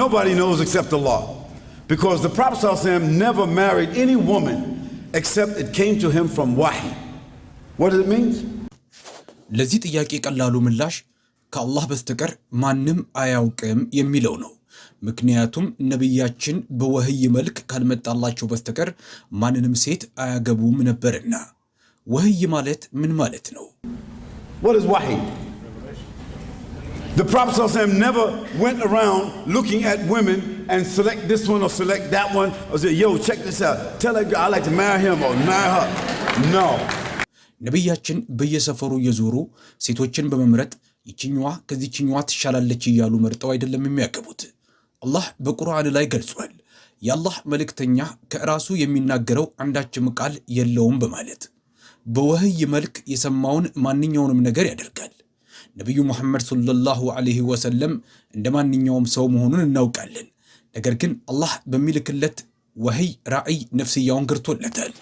Nobody knows except Allah. Because the Prophet ﷺ never married any woman except it came to him from wahi. What does it mean? ለዚህ ጥያቄ ቀላሉ ምላሽ ከአላህ በስተቀር ማንም አያውቅም የሚለው ነው። ምክንያቱም ነቢያችን በወህይ መልክ ካልመጣላቸው በስተቀር ማንንም ሴት አያገቡም ነበርና። ወህይ ማለት ምን ማለት ነው? What is wahi? The Prophet ﷺ never went around looking at women and select this one or select that one or say, yo, check this out. Tell that girl I like to marry him or marry her. No. ነቢያችን በየሰፈሩ እየዞሩ ሴቶችን በመምረጥ ይችኛዋ ከዚችኛዋ ትሻላለች እያሉ መርጠው አይደለም የሚያገቡት። አላህ በቁርአን ላይ ገልጿል። የአላህ መልእክተኛ ከራሱ የሚናገረው አንዳችም ቃል የለውም በማለት በወህይ መልክ የሰማውን ማንኛውንም ነገር ያደርጋል። ነቢዩ ሙሐመድ ሰለላሁ ዐለይሂ ወሰለም እንደ ማንኛውም ሰው መሆኑን እናውቃለን። ነገር ግን አላህ በሚልክለት ወህይ ራዕይ ነፍስያውን ገርቶለታል።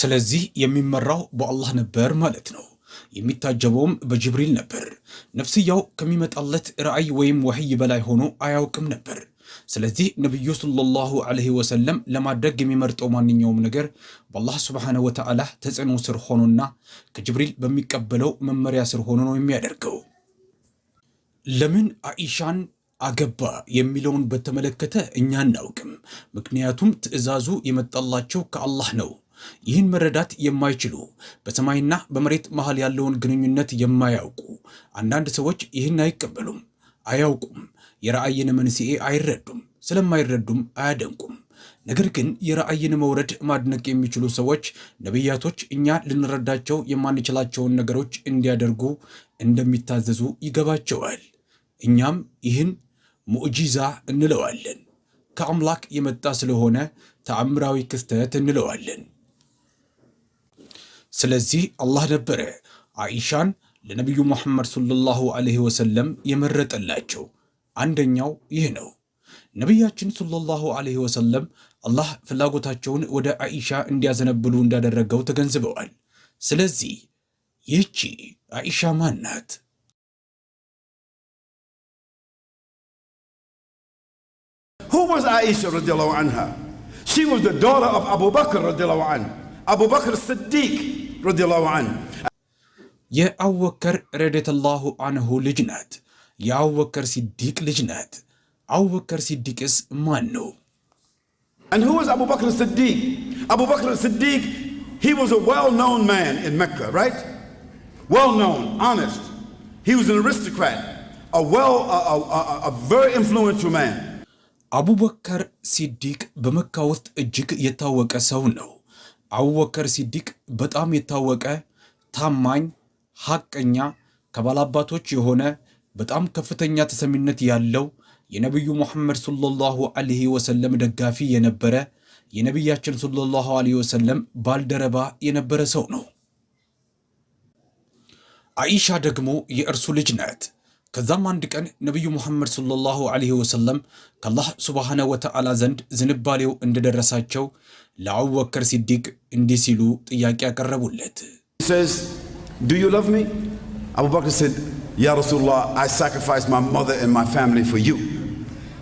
ስለዚህ የሚመራው በአላህ ነበር ማለት ነው። የሚታጀበውም በጅብሪል ነበር። ነፍስያው ከሚመጣለት ራዕይ ወይም ወህይ በላይ ሆኖ አያውቅም ነበር። ስለዚህ ነቢዩ ሰለላሁ ዐለይሂ ወሰለም ለማድረግ የሚመርጠው ማንኛውም ነገር በአላህ ሱብሓነሁ ወተዓላ ተጽዕኖ ስር ሆኖና ከጅብሪል በሚቀበለው መመሪያ ስር ሆኖ ነው የሚያደርገው። ለምን አኢሻን አገባ የሚለውን በተመለከተ እኛ አናውቅም። ምክንያቱም ትዕዛዙ የመጣላቸው ከአላህ ነው። ይህን መረዳት የማይችሉ በሰማይና በመሬት መሃል ያለውን ግንኙነት የማያውቁ አንዳንድ ሰዎች ይህን አይቀበሉም፣ አያውቁም የራእይን መንስኤ አይረዱም። ስለማይረዱም አያደንቁም። ነገር ግን የራእይን መውረድ ማድነቅ የሚችሉ ሰዎች ነቢያቶች እኛ ልንረዳቸው የማንችላቸውን ነገሮች እንዲያደርጉ እንደሚታዘዙ ይገባቸዋል። እኛም ይህን ሙዕጂዛ እንለዋለን። ከአምላክ የመጣ ስለሆነ ተአምራዊ ክስተት እንለዋለን። ስለዚህ አላህ ነበረ አኢሻን ለነቢዩ ሙሐመድ ሰለላሁ ዐለይሂ ወሰለም የመረጠላቸው። አንደኛው ይህ ነው። ነቢያችን ሰለላሁ ዐለይሂ ወሰለም አላህ ፍላጎታቸውን ወደ አኢሻ እንዲያዘነብሉ እንዳደረገው ተገንዝበዋል። ስለዚህ ይህቺ አኢሻ ማን ናት? Who was Aisha radiallahu anha? She was the daughter of Abu Bakr radiallahu anhu. Abu ረዲየላሁ ዐንሁ ልጅ ናት። የአቡበከር ሲዲቅ ልጅ ናት። አቡበከር ሲዲቅስ ማን ነው? አቡበክር ሲዲቅ አቡበክር ሲዲቅ he was a well-known man in Mecca, right? Well-known, honest. He was an aristocrat, a well, a, a, a very influential man. አቡበከር ሲዲቅ በመካ ውስጥ እጅግ የታወቀ ሰው ነው። አቡበከር ሲዲቅ በጣም የታወቀ ታማኝ፣ ሐቀኛ፣ ከባላባቶች የሆነ በጣም ከፍተኛ ተሰሚነት ያለው የነቢዩ ሙሐመድ ሶለላሁ ዐለይሂ ወሰለም ደጋፊ የነበረ የነቢያችን ሰለላሁ ዐለይሂ ወሰለም ባልደረባ የነበረ ሰው ነው። አኢሻ ደግሞ የእርሱ ልጅ ናት። ከዛም አንድ ቀን ነቢዩ ሙሐመድ ሶለላሁ ዐለይሂ ወሰለም ከአላህ ሱብሓነ ወተዓላ ዘንድ ዝንባሌው እንደደረሳቸው ለአቡበከር ሲዲቅ እንዲህ ሲሉ ጥያቄ ያቀረቡለት Ya Rasulullah, I sacrificed my mother and my family for you.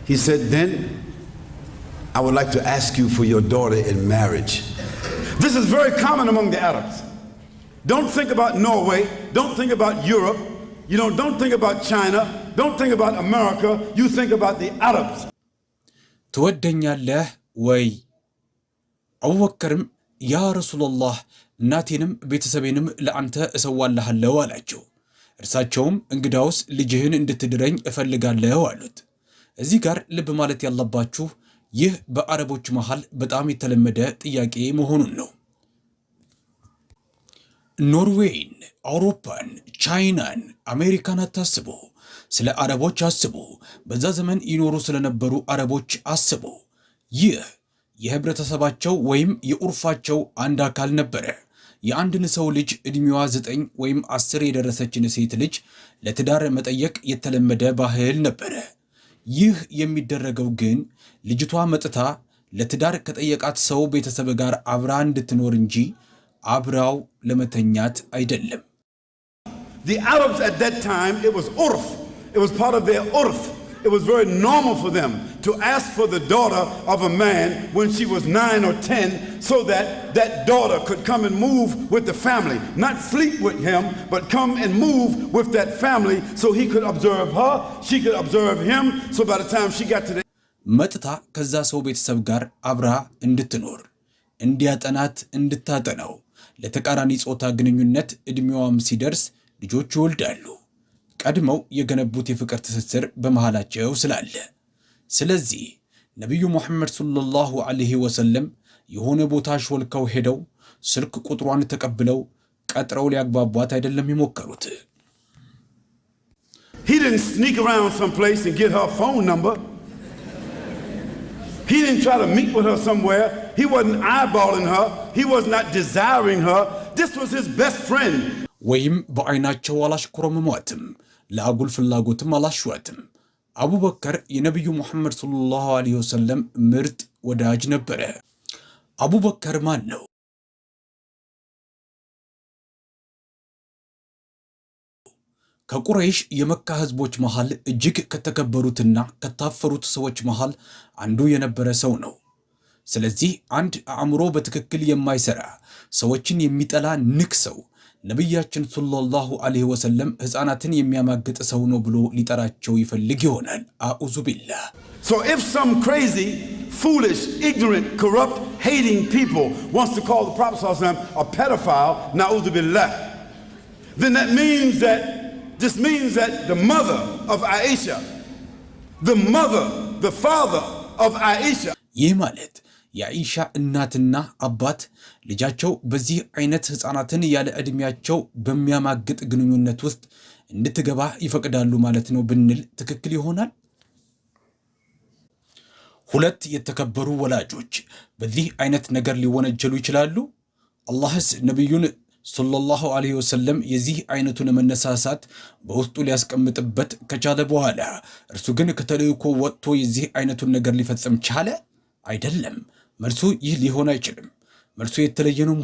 He said, Then I would like to ask you for your daughter in marriage. This is very common among the Arabs. Don't think about Norway. Don't think about Europe. You know, don't think about China. Don't think about America. You think about the Arabs. አቡበከርም ያ ረሱላላህ እናቴንም ቤተሰቤንም ለአንተ እሰዋልሃለሁ አላቸው። እርሳቸውም እንግዳውስ ልጅህን እንድትድረኝ እፈልጋለሁ አሉት። እዚህ ጋር ልብ ማለት ያለባችሁ ይህ በአረቦች መሃል በጣም የተለመደ ጥያቄ መሆኑን ነው። ኖርዌይን፣ አውሮፓን፣ ቻይናን፣ አሜሪካን አታስቡ። ስለ አረቦች አስቡ። በዛ ዘመን ይኖሩ ስለነበሩ አረቦች አስቡ። ይህ የህብረተሰባቸው ወይም የዑርፋቸው አንድ አካል ነበረ። የአንድን ሰው ልጅ ዕድሜዋ ዘጠኝ ወይም አስር የደረሰችን ሴት ልጅ ለትዳር መጠየቅ የተለመደ ባህል ነበረ። ይህ የሚደረገው ግን ልጅቷ መጥታ ለትዳር ከጠየቃት ሰው ቤተሰብ ጋር አብራ እንድትኖር እንጂ አብራው ለመተኛት አይደለም። it was very normal for them to ask for the daughter of a man when she was nine or ten so that that daughter could come and move with the family. Not sleep with him, but come and move with that family so he could observe her, she could observe him. So by the time she got to the መጥታ ከዛ ሰው ቤተሰብ ጋር አብራ እንድትኖር እንዲያጠናት እንድታጠናው ለተቃራኒ ጾታ ግንኙነት ዕድሜዋም ሲደርስ ልጆች ይወልዳሉ። ቀድመው የገነቡት የፍቅር ትስስር በመሃላቸው ስላለ፣ ስለዚህ ነቢዩ ሙሐመድ ሰለላሁ ዐለይሂ ወሰለም የሆነ ቦታ ሾልከው ሄደው ስልክ ቁጥሯን ተቀብለው ቀጥረው ሊያግባቧት አይደለም የሞከሩት። He didn't try to meet with her somewhere. He wasn't eyeballing her. He was not desiring her. This was his best friend. ወይም በአይናቸው አላሽኩረምሟትም ለአጉል ፍላጎትም አላሸዋትም። አቡበከር የነቢዩ ሙሐመድ ሰለላሁ ዐለይሂ ወሰለም ምርጥ ወዳጅ ነበረ። አቡበከር ማን ነው? ከቁረይሽ የመካ ህዝቦች መሃል እጅግ ከተከበሩትና ከታፈሩት ሰዎች መሃል አንዱ የነበረ ሰው ነው። ስለዚህ አንድ አእምሮ በትክክል የማይሰራ ሰዎችን የሚጠላ ንክ ሰው ነቢያችን ሰለላሁ ዐለይሂ ወሰለም ሕፃናትን የሚያማግጥ ሰው ነው ብሎ ሊጠራቸው ይፈልግ ይሆናል። አዑዙ ቢላህ። ይህ ማለት የአይሻ እናትና አባት ልጃቸው በዚህ አይነት ህፃናትን ያለ ዕድሜያቸው በሚያማግጥ ግንኙነት ውስጥ እንድትገባ ይፈቅዳሉ ማለት ነው ብንል ትክክል ይሆናል? ሁለት የተከበሩ ወላጆች በዚህ አይነት ነገር ሊወነጀሉ ይችላሉ? አላህስ ነቢዩን ሰለላሁ ዐለይሂ ወሰለም የዚህ አይነቱን መነሳሳት በውስጡ ሊያስቀምጥበት ከቻለ በኋላ እርሱ ግን ከተልእኮ ወጥቶ የዚህ አይነቱን ነገር ሊፈጽም ቻለ? አይደለም። مرسو يلي هنا ሊሆን مرسو መልሱ የተለየ ነው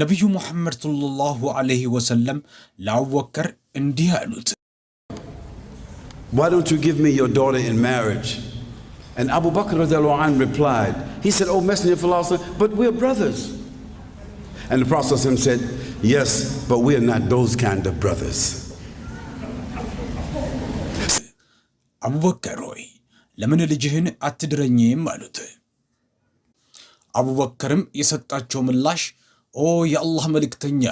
نبي محمد صلى الله عليه وسلم لا وكر እንዲህ لوت Why don't you give me your daughter in marriage? And Abu Bakr replied, he said, Oh Messenger of Allah, but we are brothers. And the Prophet said, Yes, but we are not those kind of brothers. Abu አቡበከር ሆይ ለምን ልጅህን አትድረኝም አሉት። አቡበከርም የሰጣቸው ምላሽ ኦ የአላህ መልእክተኛ፣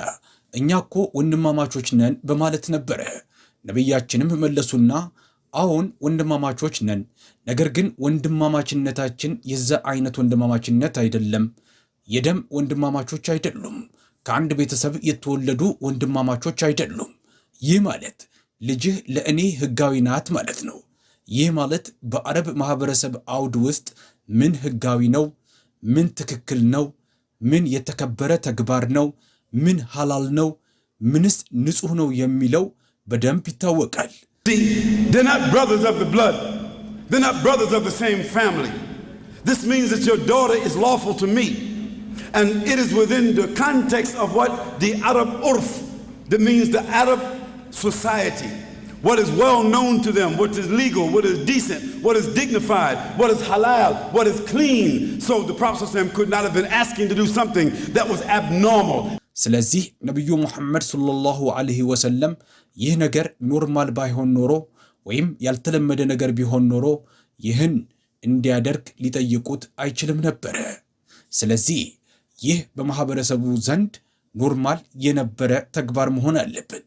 እኛ እኮ ወንድማማቾች ነን በማለት ነበረ። ነቢያችንም መለሱና አሁን ወንድማማቾች ነን፣ ነገር ግን ወንድማማችነታችን የዛ አይነት ወንድማማችነት አይደለም። የደም ወንድማማቾች አይደሉም። ከአንድ ቤተሰብ የተወለዱ ወንድማማቾች አይደሉም። ይህ ማለት ልጅህ ለእኔ ሕጋዊ ናት ማለት ነው። ይህ ማለት በአረብ ማህበረሰብ አውድ ውስጥ ምን ህጋዊ ነው፣ ምን ትክክል ነው፣ ምን የተከበረ ተግባር ነው፣ ምን ሀላል ነው፣ ምንስ ንጹሕ ነው የሚለው በደንብ ይታወቃል። ስ what is well known to them, what is legal, what is decent, what is dignified, what is halal, what is clean. So the Prophet could not have been asking to do something that was abnormal. ስለዚህ ነቢዩ ሙሐመድ ሰለላሁ ዐለይሂ ወሰለም ይህ ነገር ኖርማል ባይሆን ኖሮ ወይም ያልተለመደ ነገር ቢሆን ኖሮ ይህን እንዲያደርግ ሊጠይቁት አይችልም ነበረ። ስለዚህ ይህ በማህበረሰቡ ዘንድ ኖርማል የነበረ ተግባር መሆን አለበት።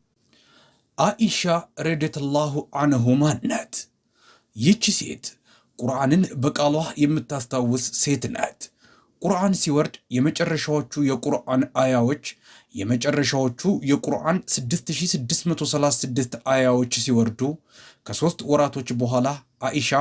አኢሻ ረዲየላሁ አንሁማ ናት። ይቺ ሴት ቁርአንን በቃሏ የምታስታውስ ሴት ናት። ቁርአን ሲወርድ የመጨረሻዎቹ የቁርአን አያዎች የመጨረሻዎቹ የቁርአን 6636 አያዎች ሲወርዱ ከሦስት ወራቶች በኋላ አኢሻ